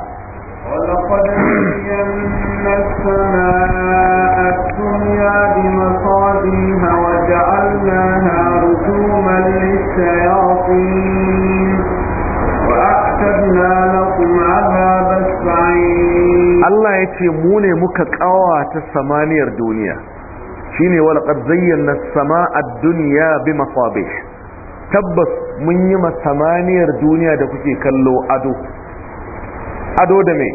Speaker 2: ولقد زينا السماء الدنيا
Speaker 3: بمصابيح وجعلناها رسوما للشياطين وأعتدنا لكم عذاب السعير
Speaker 2: الله يتي موني مكا قوات السمانية الدنيا shine walaqad zayyana as-samaa ad-dunya bimasabih tabbas mun yi masamaniyar duniya da kuke kallo ado ado da mai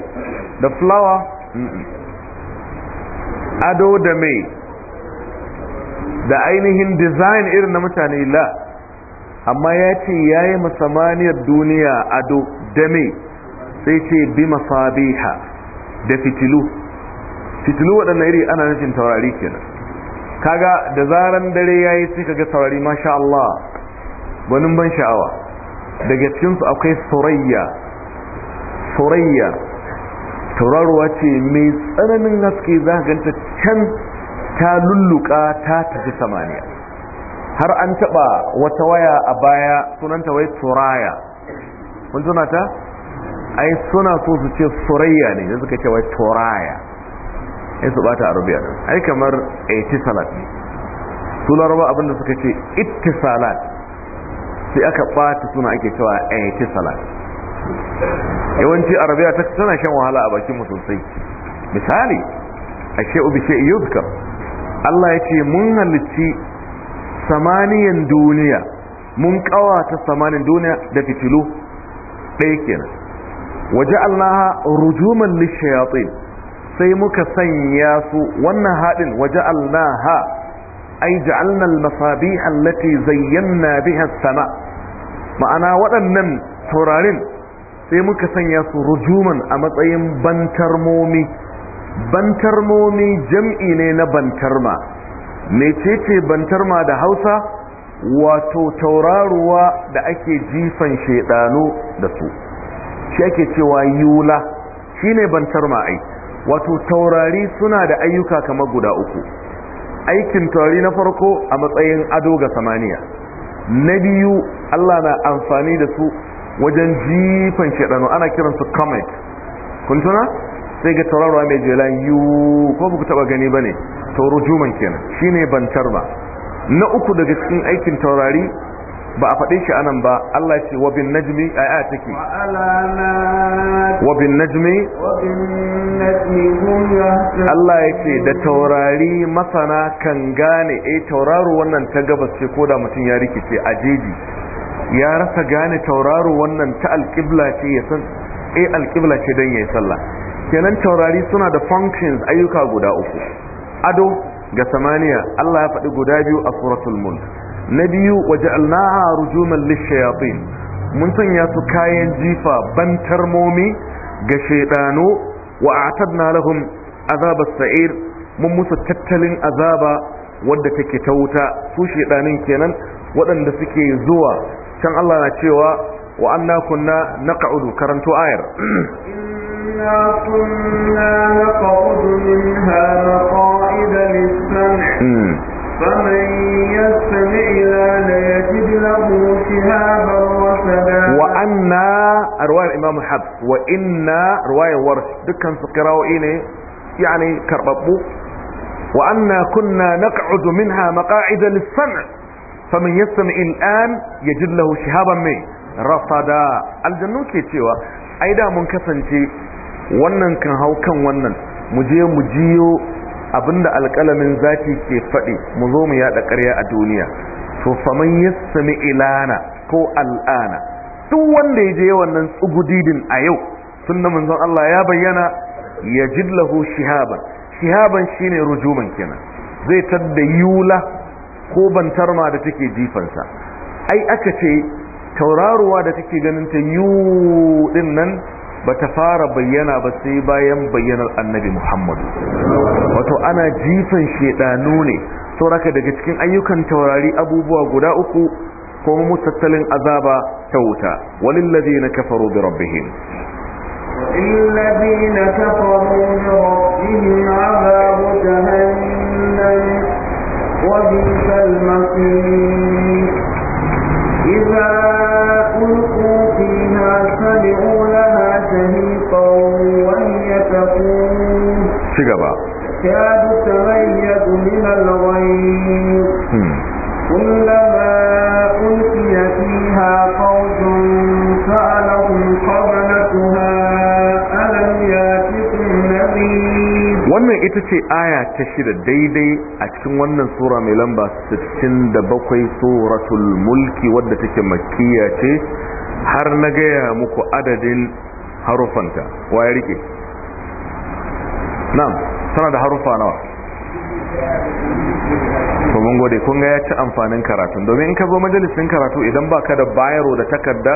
Speaker 2: da flower ado da mai da ainihin design irin na mutane la amma ya ce ya yi masamaniyar duniya ado da mai sai ce bi mafabiha da fitilu fitilu waɗanda iri ana nufin taurari kenan kaga da zaran dare ya yi sai kaga taurari masha Allah gwanin ban sha'awa daga cikinsu akwai surayya surayya turarwa ce mai tsananin haske za ganta can ta lulluka ta tafi samaniya har an taba wata waya a baya sunanta wai turaya. kun tuna ta ai suna so su ce surayya ne da suka ce wai turaya ai su bata arabiya ai kamar ittisalat ne su laraba abinda suka ce ittisalat sai aka bata suna ake cewa ittisalat yawanci arabiya ta tana shan wahala a bakin mu sosai misali a she'u bi yuzkar Allah ya ce mun halicci samaniyan duniya mun ƙawata samanin duniya da fitilu ɗaya kenan waje allaha rujuman lishayatin sai muka sanya su wannan haɗin waje allaha ai ja'alna al-masabi allati zayyanna biha sama ma'ana waɗannan taurarin sai muka sanya su rujuman a matsayin bantarmomi bantarmomi jam'i ne na bantarma mecece bantarma da hausa wato tauraruwa da ake jifan shaidano da su shi ake cewa yula shi shine bantarma ai wato taurari suna da ayyuka kamar guda uku aikin taurari na farko a matsayin ado ga samaniya na biyu allah na amfani da su wajen jifan shaɗanu ana kiransu comet kun tuna sai ga tauraruwa mai jela yiwu ko buku taɓa gani ba ne tauro juman kenan shi ne bantar ba na uku daga cikin aikin taurari ba a faɗe shi ba Allah ce wa bin najmi a a take wa bin najmi Allah ya ce da taurari masana kan gane e tauraro wannan ta gabas ce ko da mutum ya rikice a jeji ya rasa gane tauraro wannan ta alƙibla ce ya san a eh, alƙibla ce don ya yi sallah kenan taurari suna da functions ayyuka guda uku ado ga samaniya Allah ya faɗi guda biyu a suratul mulk na biyu waja'alnaha rujuman lishayatin mun sanya su kayan jifa bantarmomi ga shaidano wa na lahun azabar sair mun musu tattalin azaba wadda take ta wuta su shaidanin kenan waɗanda suke zuwa can Allah na cewa wa anna kunna naq'udu karanto ayar
Speaker 3: inna kunna naq'udu minha maq'ida lis-sam' faman yastami' la yajid lahu shihaban rasada
Speaker 2: wa anna arwaya imam hafs wa inna arwaya warsh dukkan su qira'o'i ne yani karbabbu wa anna kunna naq'udu minha maq'ida lis-sam' famin yastami il'an ya jillahu shihaban mai rafada aljannu ke cewa ai da mun kasance wannan kan hau kan wannan mu je mu jiyo abinda alƙalamin zaki ke faɗi mu zo mu yaɗa ƙarya a duniya to faman yassami ilana ko al'ana duk wanda ya je wannan tsugudidin a yau sunna manzon Allah ya bayyana ya jidlahu shihaban shihaban shine rujuman kenan zai tadda yula ko bantarma da take jifansa ai aka ce tauraruwa da take ganin ta yu din nan ba ta fara bayyana ba sai bayan bayyanar annabi muhammadu wato ana jifan shedanu ne sauraka daga cikin ayyukan taurari abubuwa guda uku kuma musattalin azaba ta wuta walillazi na kafaru bi rabbihim
Speaker 3: للذين كفروا بربهم عذاب جهنم وبئس المصير إذا ألقوا فيها سمعوا لها شهيقا وهي تقوم تكاد تميز من الغيظ كلما
Speaker 2: wannan ita ce aya ta shida daidai a cikin wannan sura mai lamba 67 suratul mulki wadda take makiya ce har na gaya muku adadin harufanta ya rike nan tana da harufa nawa to mun gode kun ga ya ci amfanin karatu, domin in ka zo majalisin karatu idan baka da bayaro da takarda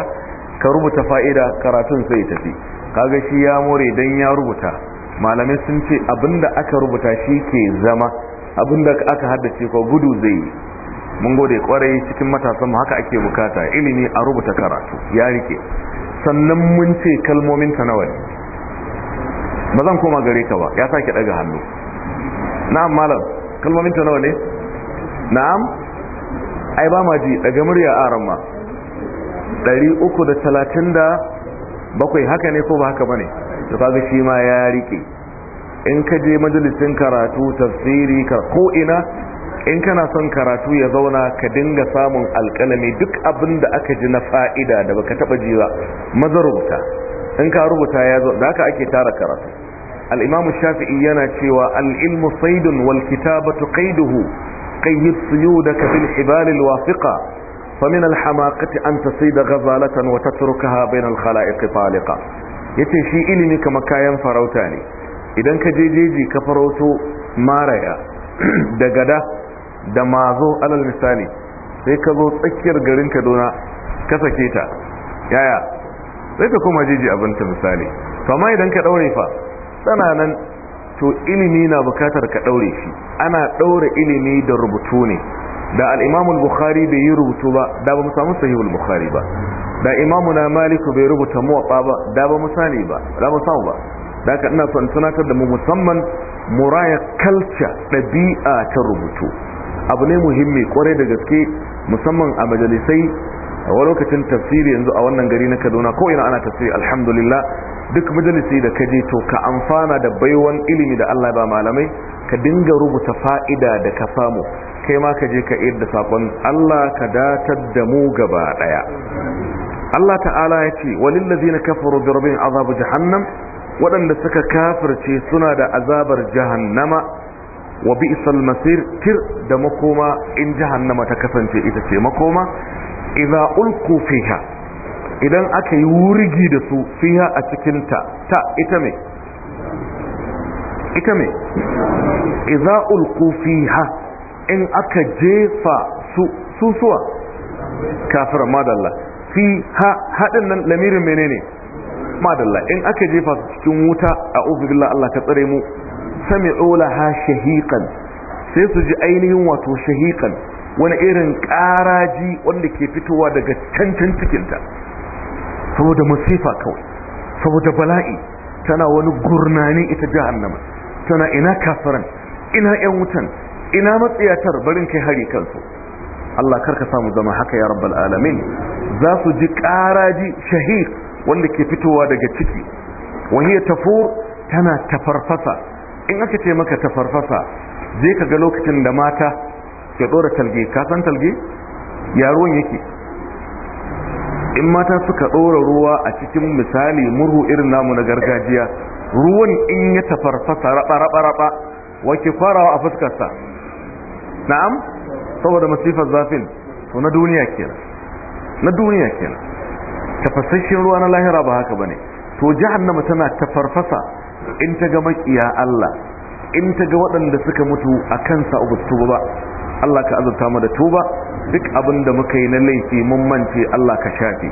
Speaker 2: ka rubuta fa'ida karatun sai tafi kaga shi ya more dan ya rubuta malamai sun ce abinda aka rubuta shi ke zama abinda aka haddace ko gudu zai yi mun gode kwarai cikin matasanmu haka ake bukata ilimi a rubuta karatu ya rike sannan mun ce kalmomin ta nawa ba zan koma gare ka ba ya sake daga hannu na'am malam kalmomin ta nawa ne na'am ai ba ma ji daga murya aran ma 337 haka ne ko ba haka bane to kaga shi ma ya rike in ka je majalisin karatu tafsiri ka ko ina in kana son karatu ya zauna ka dinga samun alƙalami duk abin da aka ji na fa'ida da baka taba ji ba maza rubuta in ka rubuta ya zo da haka ake tara karatu al-imam shafi'i yana cewa al-ilmu saydun wal kitabatu qayduhu qayyid suyudaka bil hibal al-wafiqa فمن الحماقة أن تصيد غزالة وتتركها بين الخلائق طالقة Ya ce shi ilimi kama kayan farauta ne idan ka je jeji ka farauto maraya da gada da mazo alal misali sai ka zo tsakiyar garin kaduna ka sake ta yaya sai ta koma jeji abinta misali to idan ka daure fa tsana to ilimi na bukatar ka daure shi ana daure ilimi da rubutu ne da al'imamul bukhari bai yi rubutu ba da ba mu samu sahihul bukhari ba da imamu na maliku bai rubuta muwaɓa ba da ba mu sani ba da mu samu ba da ka ina son tunatar da mu musamman muraya kalca ɗabi'a ta rubutu abu ne muhimmi kwarai da gaske musamman a majalisai a wani lokacin tafsiri yanzu a wannan gari na kaduna ko ina ana tafsiri alhamdulillah duk majalisi da ka je to ka amfana da baiwan ilimi da allah ba malamai ka dinga rubuta fa'ida da ka samu kai ma ka je ka ir da saƙon. Allah ka datar da mu gaba ɗaya. Allah ta'ala ya ce da zina kafaru da rabin azabu jahannam waɗanda suka kafirce suna da azabar jahannama wa bi'sal masir tir da makoma in jahannama ta kasance ita ce makoma idan ulku fiha idan aka yi wurgi da su fiha a cikin ta ta ita mai ita mai iza ulqu fiha in aka jefa su susuwa kafir madalla Fi hadin nan lamirin menene madalla in aka jefa su cikin wuta a ubillah Allah ta tsare mu sami'u laha shahiqan sai su ji ainihin wato shahiqan wani irin ƙaraji wanda ke fitowa daga cancan cikinta saboda musifa kawai saboda bala'i tana wani gurnani ita jahannama tana ina kafiran ina yan wutan ina matsiyatar barin kai hari kansu Allah karka samu zama haka ya rabbal alamin za su ji ƙaraji shahid wanda ke fitowa daga ciki Wani ya tafur tana tafarfasa in aka ce maka tafarfasa je ka ga lokacin da mata ke ɗora talge kasan talge yaron yake in mata suka ɗora ruwa a cikin misali murhu irin namu na gargajiya ruwan in ya tafarfasa raba-raba-raba wake farawa a fuskarsa na'am saboda masifar zafin to na duniya kenan na duniya kenan tafasasshen ruwa na lahira ba haka bane to jahannama tana tafarfasa in ta ga makiya Allah in ta ga waɗanda suka mutu a kansa ubu tuba ba Allah ka azurta mu da tuba duk abin da muka yi na laifi mun mance Allah ka shafe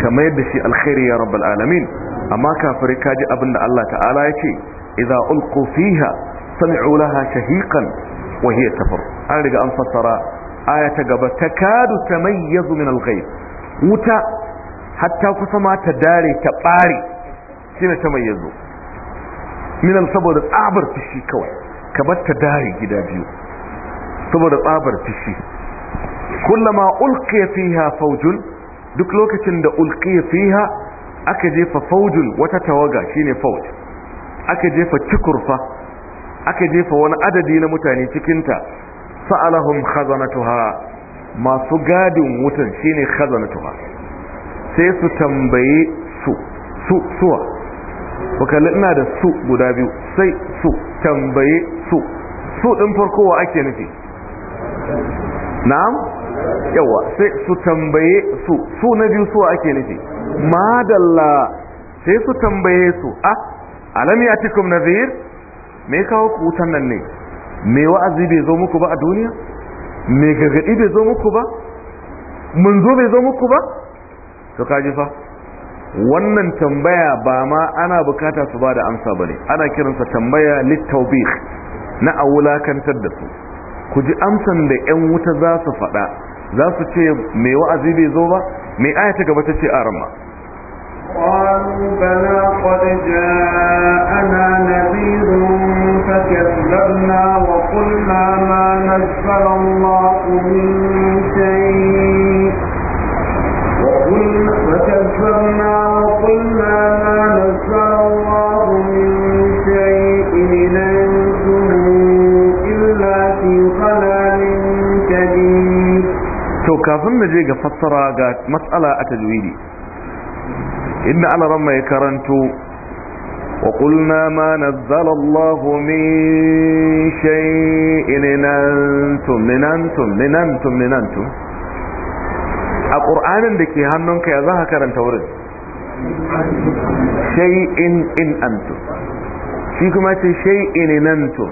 Speaker 2: ka mayar yadda shi alkhairi ya rabbal alamin amma kafirai kaji abin da Allah ta'ala ya ce idza ulqu fiha sami'u laha shahiqan wa hiya tafur an riga an fassara aya ta gaba takadu tamayyazu min al-ghayb wuta hatta kusa ma ta dare ta bare shine tamayyazu min saboda tsabar fishi kawai kamar ta dare gida biyu saboda tsabar fishi kullama ulqiya fiha fawjun duk lokacin da ulqiya fiha aka jefa faujin wata tawaga shine fauj aka jefa cikurfa aka jefa wani adadi na mutane cikinta sa'alahum khazanatuha masu gadin wutan shine khazanatuha sai su tambaye su su suwa wakalla ina da su guda biyu sai su tambaye su su din farko wa ake nufi na'am yawa sai su tambaye su su na biyu suwa ake nufi madalla sai su tambaye su a ah, alam ya cikin nazir me kawo ku wutan nan ne me wa'azi bai zo muku ba a duniya me gargadi bai zo muku ba mun zo bai zo muku ba to kaji fa wannan tambaya ba ma ana bukata su ba da amsa ba ne ana kiransa tambaya littaubih na a wulakantar da su ku ji amsan da 'yan wuta za su faɗa za su ce mai wa'azi bai zo ba mai aya ta gaba ta ce a rama
Speaker 3: وقلنا
Speaker 2: kafin na je ga fassara ga matsala a tajwidi inna alaran mai karantu wa kulna ma nazzalallahu min shay'in nantum nantum nantum a qur'anin da ke hannunka ya za ka karanta wurin shay'in in shi kuma ce shay'in nantum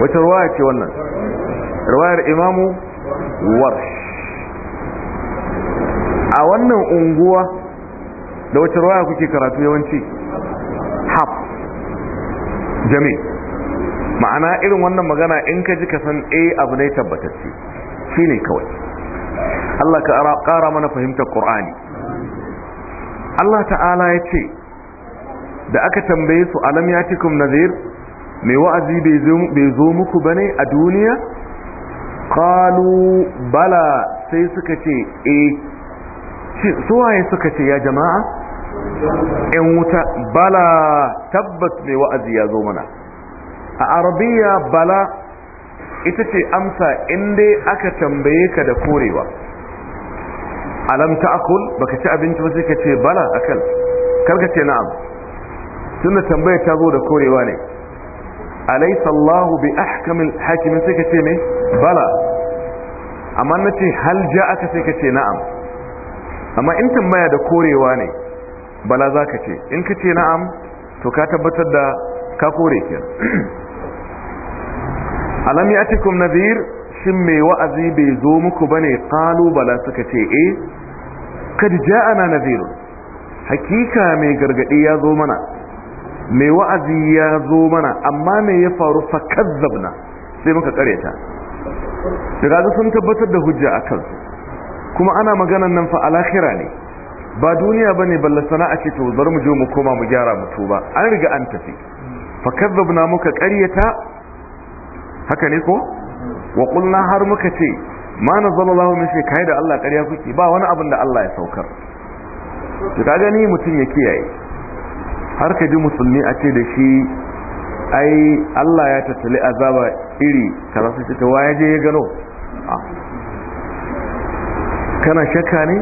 Speaker 2: wata ruwaya ce wannan ruwayar imamu warsh a wannan unguwa da wacce ruwaya kuke karatu yawanci haf jami ma'ana irin wannan magana in ka ji ka san a eh, abu ne tabbatacce shi ne kawai Allah ka ƙara mana fahimtar ƙorani Allah ta'ala ya ce da aka tambaye su alam ya cikin nazir mai wa'azi bai zo muku ba ne a duniya ƙalu bala sai suka ce eh suwaye suka ce ya jama'a in wuta bala tabbas mai wa'azi ya zo mana a arabiya bala ita ce amsa inda aka tambaye ka da korewa alam ta akul baka ci abinci ba sai ka ce bala akal karka ce na'am tunda tambaye ta zo da korewa ne alaysa bi ahkamil hakimin sai ka ce me bala amma nace hal ja'aka sai ka ce na'am amma in tambaya da korewa ne bala za ka ce in ka ce na'am to ka tabbatar da ka kore ke alam ya cikin nazir shin mai wa'azi bai zo muku ba ne bala suka ce e kad ana nazir hakika mai gargadi ya zo mana mai wa'azi ya zo mana amma mai ya faru fa kazzabna sai muka kareta daga sun tabbatar da hujja a kansu kuma ana maganan nan fa alakhira ne ba duniya bane balla sana'a ce to bari mu je mu koma mu gyara mu tuba an riga an tafi fa kadzabna muka qaryata haka ne ko wa qulna har muka ce ma nazalallahu min shay kai da Allah ƙarya kuke ba wani abin da Allah ya saukar to ka gani mutum ya kiyaye har ka ji musulmi a ce da shi ai Allah ya tattali azaba iri kaza sai ta waye je ya gano ah. kana shakka ne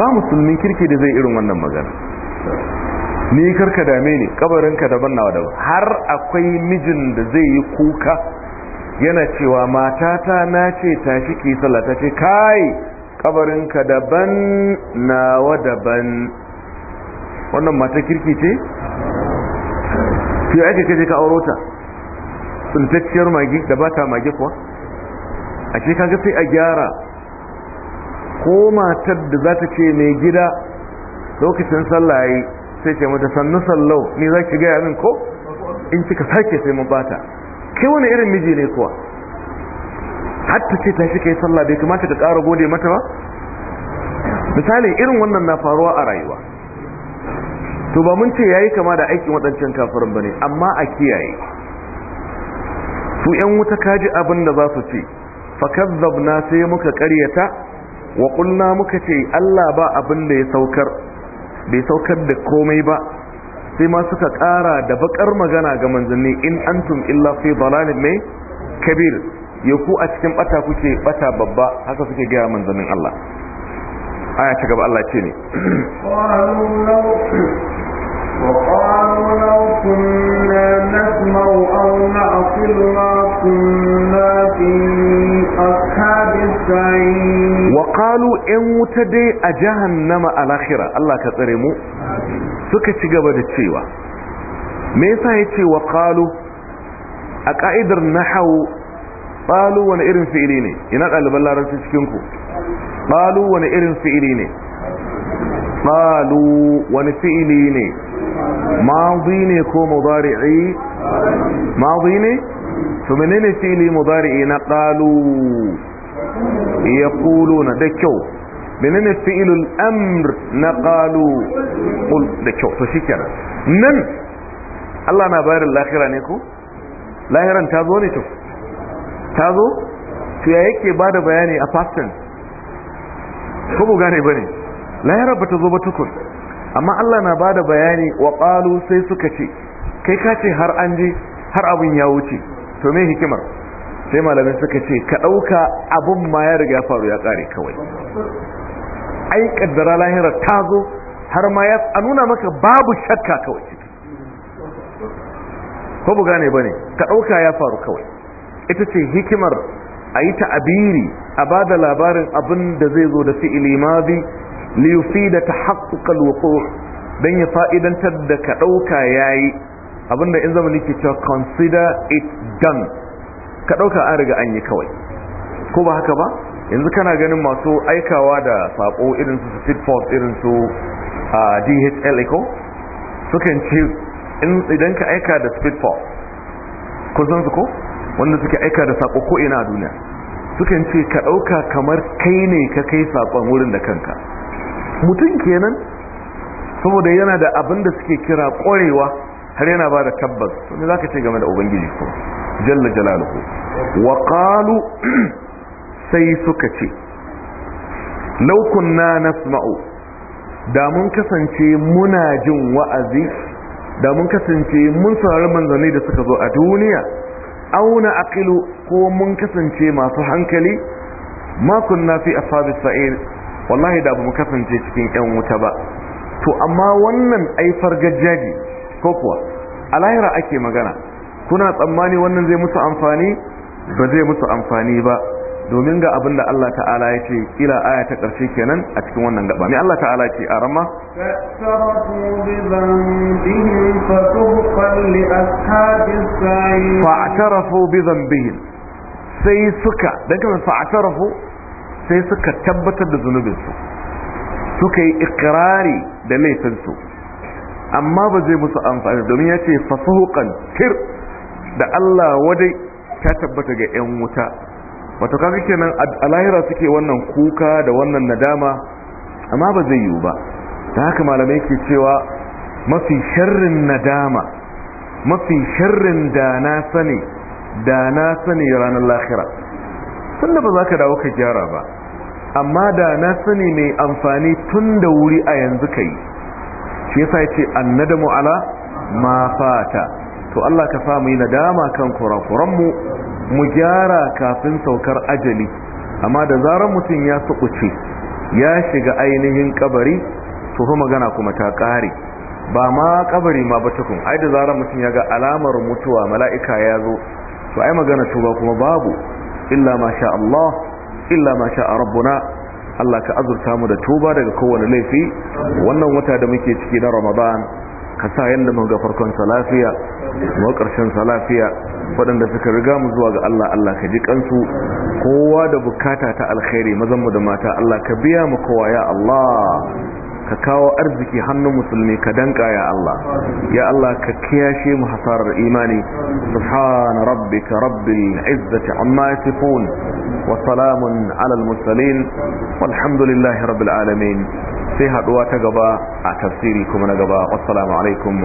Speaker 2: ba musulmin kirki da zai irin wannan magana ni karka dame ne kabarinka daban nawa daban har akwai mijin da zai yi kuka yana cewa matata na ce tashi ki sallah ta ce kai kabarinka daban nawa daban wannan mata kirki ce sai ake kaje ka auro ta tsintacciyar magi da ba ta magi kuwa a ce kaga sai a gyara ko matar da za ta ce mai gida lokacin sallah yayi sai ce mata sannu sallau ni za ki gaya min ko in kika sake sai mun bata kai wani irin miji ne kuwa hatta ce ta shi kai sallah bai kamata ka ƙara gode mata ba misali irin wannan na faruwa a rayuwa to ba mun ce yayi kama da aikin waɗancan kafirin bane amma a kiyaye su yan wuta kaji abin da za su ce fakazzabna sai muka ƙaryata wa kunna muka ce Allah ba abin da ya saukar bai saukar da komai ba sai ma suka kara da bakar magana ga manzanni in antum illa fi dalalin mai kabir ya ku a cikin bata kuke bata babba haka suke gaya manzannin Allah aya ta gaba Allah ce
Speaker 3: ne وقالوا لو wuta نسمع a نعقل nama كنا في أصحاب السعير
Speaker 2: وقالوا إن وتدي أجهنم الآخرة الله me yasa yace wa qalu a ka'idar nahwu qalu wani irin fi'ili ne ina ɗaliban larabci cikin ku qalu wani irin fi'ili ne qalu wani fi'ili ne madi ne ko mudari'i madi ne to menene fili mudari'i na qalu yaquluna da kyau menene fi'ilul amr na qalu qul da kyau to shikenan nan Allah na bayar lahira ne ko lahiran ta zo ne to ta zo to ya yake bada bayani a past tense ko bu gane bane lahirar ba zo ba tukun amma Allah na bada bayani wa qalu sai suka ce kai ka ce har an ji har abun ya wuce to me hikimar sai malamai suka ce ka ɗauka abun ma ya riga faru ya kare kawai ai kaddara lahira ta zo har ma ya a nuna maka babu shakka kawai ko bu gane bane ka ɗauka ya faru kawai ita ce hikimar a yi ta'abiri a ba da labarin abin da zai zo da fi'ili mazi liyufida tahaqquqal wuqu' dan ya fa'idantar da ka dauka yayi abinda in zamani ke cewa consider it done ka dauka an riga an yi kawai ko ba haka ba yanzu kana ganin masu aikawa da sako irin su speed force irin su DHL ko sukan ce idan ka aika da speed force ko zan su ko wanda suke aika da sako ko ina a duniya sukan ce ka dauka kamar kai ne ka kai sakon wurin da kanka mutum kenan saboda yana da abin da suke kira ƙwarewa har yana ba da tabbas to za ka ce game da ubangiji ko jalla jalaluhu wa qalu sai suka ce law na nasma'u da mun kasance muna jin wa'azi da mun kasance mun saurari manzanni da suka zo a duniya auna aqilu ko mun kasance masu hankali ma kunna fi asabi sa'ir wallahi da mu kasance cikin yan wuta ba to amma wannan aifar gajjaji ko kuwa a lahira ake magana kuna tsammani wannan zai musu amfani ba zai musu amfani ba domin ga abin da Allah ta'ala ya ce ila aya ta ƙarshe kenan a cikin wannan gaba mai Allah ta'ala ce a rama fa'atarafu bi zambihim sai suka dan kan fa'atarafu sai suka tabbatar da zunubinsu suka yi ikirari da laifinsu amma ba zai musu amfani domin ya ce fasahukan tir da Allah wadai ta tabbata ga 'yan wuta wato kaga kenan nan suke wannan kuka da wannan nadama amma ba zai yiwu ba ta haka malamai ke cewa mafi sharrin nadama mafi sharrin da na sani da na sani ranar lahira tunda ba za ka dawo ka gyara ba amma da na sani mai amfani tun da wuri a yanzu ka yi shi yasa ya ce nada mu'ala ma fata to Allah ka samu yi nadama kan kurakuranmu mu gyara kafin saukar ajali amma da zarar mutum ya sukuce ya shiga ainihin kabari to fa magana kuma ta kare ba ma kabari ma ba tukun ai da zarar mutum ya ga alamar mutuwa mala'ika ya zo to ai magana tuba kuma babu illa ma sha Allah illa ma sha rabbuna Allah ka azurta mu da tuba daga kowane laifi wannan wata da muke ciki na Ramadan ka sa yanda mu ga farkon sa lafiya mu karshen sa lafiya waɗanda suka riga mu zuwa ga Allah Allah ka ji kansu kowa da bukata ta alkhairi mazan mu da mata Allah ka biya mu kowa ya Allah ka kawo arziki hannun musulmi ka danka ya Allah ya Allah ka kiyashe mu hasarar imani subhana rabbika rabbil izzati amma yasifun wa salamun ala mursalin walhamdulillahi rabbil alamin sai haduwa ta gaba a tafsiri kuma na gaba wassalamu alaikum